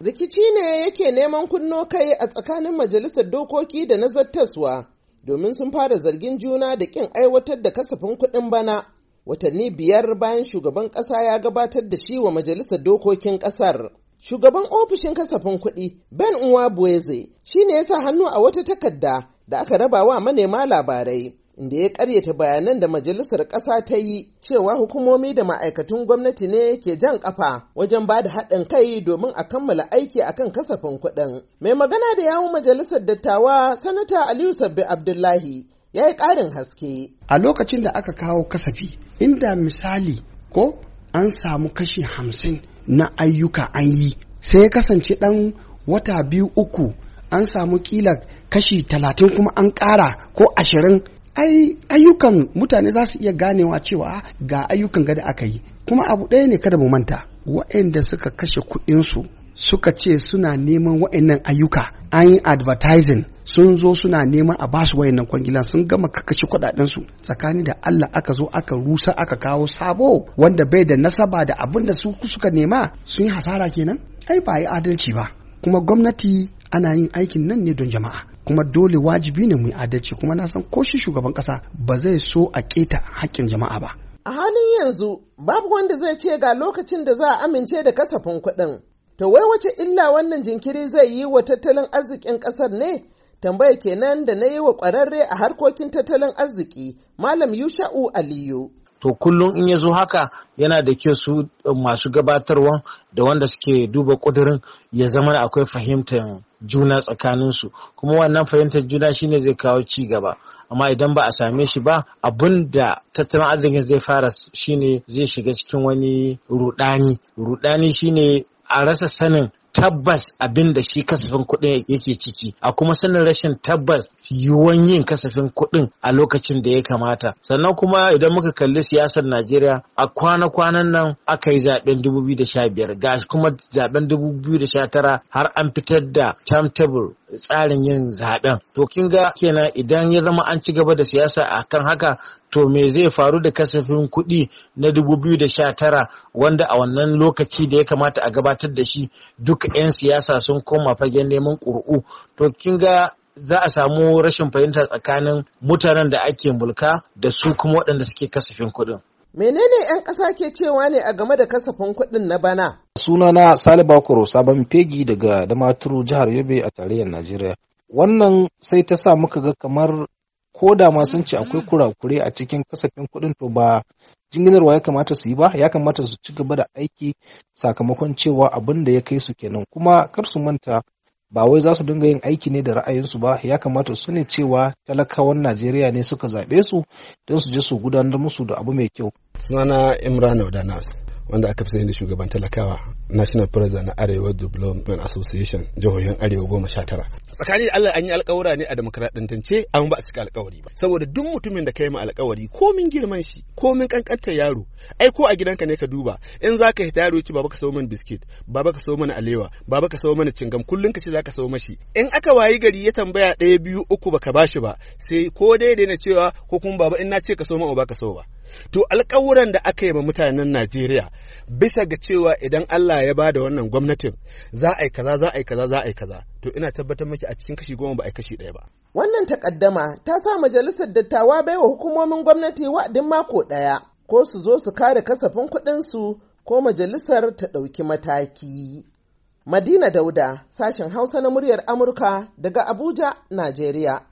rikici ne yake neman kunno kai a tsakanin majalisar dokoki da na zattaswa domin sun fara zargin juna da kin aiwatar da kasafin kuɗin bana watanni biyar bayan shugaban ƙasa ya gabatar da shi wa majalisar dokokin ƙasar shugaban ofishin kasafin kuɗi ben nwabueze shi ne ya sa hannu a wata takarda da aka rabawa manema labarai inda ya karyata bayanan da majalisar ƙasa ta yi cewa hukumomi da ma'aikatun gwamnati ne ke jan ƙafa wajen ba da haɗin kai domin a kammala aiki a kan kasafin kuɗin. Mai magana da yawun majalisar dattawa sanata Aliyu Sabbi Abdullahi ya yi ƙarin haske. A lokacin da aka kawo kasafi inda misali ko an samu kashi hamsin na ayyuka an yi sai ya kasance ɗan wata biyu uku an samu kila kashi talatin kuma an ƙara ko ashirin ai ayyukan mutane za su iya ganewa cewa ah, ga ayyukan gada aka yi kuma abu ɗaya ne kada mu manta waɗanda suka kashe kuɗinsu suka ce suna neman waɗannan ayyuka an yi advertising sun zo suna neman a basu wayannan kwangila sun gama kakashi kuɗaɗensu tsakani da Allah aka zo aka rusa aka kawo sabo wanda bai da nasaba da abin da su suka nema sun yi hasara kenan ai ba yi adalci ba kuma gwamnati ana yin aikin nan ne don jama'a kuma dole wajibi ne mu adalci kuma na san ko shi shugaban kasa ba zai so a keta haƙƙin jama'a ba a halin yanzu babu wanda zai ce ga lokacin da za a amince da kasafin kuɗin to wai wace illa wannan jinkiri zai yi wa tattalin arzikin ƙasar ne tambaya kenan da na yi wa ƙwararre a harkokin tattalin arziki malam yusha'u aliyu to kullum in ya zo haka yana da kyau su eh, masu gabatarwa da wanda suke duba kudurin ya zama akwai fahimtar juna tsakaninsu kuma wannan fahimtar juna shine zai kawo ci gaba amma idan ba a same shi ba abin da tattalin arzikin zai fara shine zai shiga cikin wani rudani rudani shine a rasa sanin tabbas abin da shi kasafin kuɗin yake ciki a kuma sanin rashin tabbas yiwuwan yin kasafin kuɗin a lokacin da ya kamata sannan kuma idan muka kalli siyasar najeriya a kwana-kwanan nan aka yi zaben biyar ga kuma zaben tara har an fitar da timetable tsarin yin zaben to kin ga kenan idan ya zama an ci gaba da siyasa akan haka to me zai faru da kasafin kuɗi na 2019 wanda a wannan lokaci da ya kamata a gabatar da shi duk 'yan siyasa sun koma fagen neman ƙuri'u to kin ga za a samu rashin fahimta tsakanin mutanen da ake mulka da su kuma waɗanda suke kasafin kuɗin. Menene 'yan ƙasa ke cewa ne a game da kasafin kuɗin na bana? Sunana Sale Bakoro Sabon Fegi daga Damaturu jihar Yobe a tarayyar Najeriya. Wannan sai ta sa muka ga kamar ko da ma sun ce akwai kurakure a cikin kasafin kuɗin to ba jinginarwa ya kamata su yi ba ya kamata su ci gaba da aiki sakamakon cewa abin da ya kai su kenan kuma kar su manta ba wai za su dinga yin aiki ne da ra'ayinsu ba ya kamata su ne cewa talakawan najeriya ne suka zaɓe su don su je su gudanar musu da abu mai kyau sunana imran audanas wanda aka fi sani da shugaban talakawa national president na arewa development association jihohin arewa goma sha tara tsakani da Allah an yi alkawura ne a demokradantance an ba a cika alkawari ba saboda duk mutumin da kai ma alkawari min girman shi komin kankantar yaro ai ko a gidanka ne ka duba in za ka hita yaro ci baba ka sayo mana biskit baba ka sayo mana alewa baba ka sayo mana cingam kullun ka ce za ka sayo mashi in aka wayi gari ya tambaya ɗaya biyu uku baka bashi ba sai ko dai na cewa ko kuma baba in na ce ka sayo mana ba ka sayo ba to alkawuran da aka yi ma mutanen Najeriya bisa ga cewa idan Allah ya bada wannan gwamnatin za a yi kaza za a yi kaza za a yi kaza to ina tabbatar miki a cikin kashi goma ba a yi kashi ɗaya ba. Wannan takaddama ta sa majalisar dattawa baiwa hukumomin gwamnati wa'adin mako ɗaya ko su zo su kare kasafin kuɗinsu ko majalisar ta ɗauki mataki. Madina Dauda, sashen Hausa na muryar Amurka daga Abuja, Najeriya.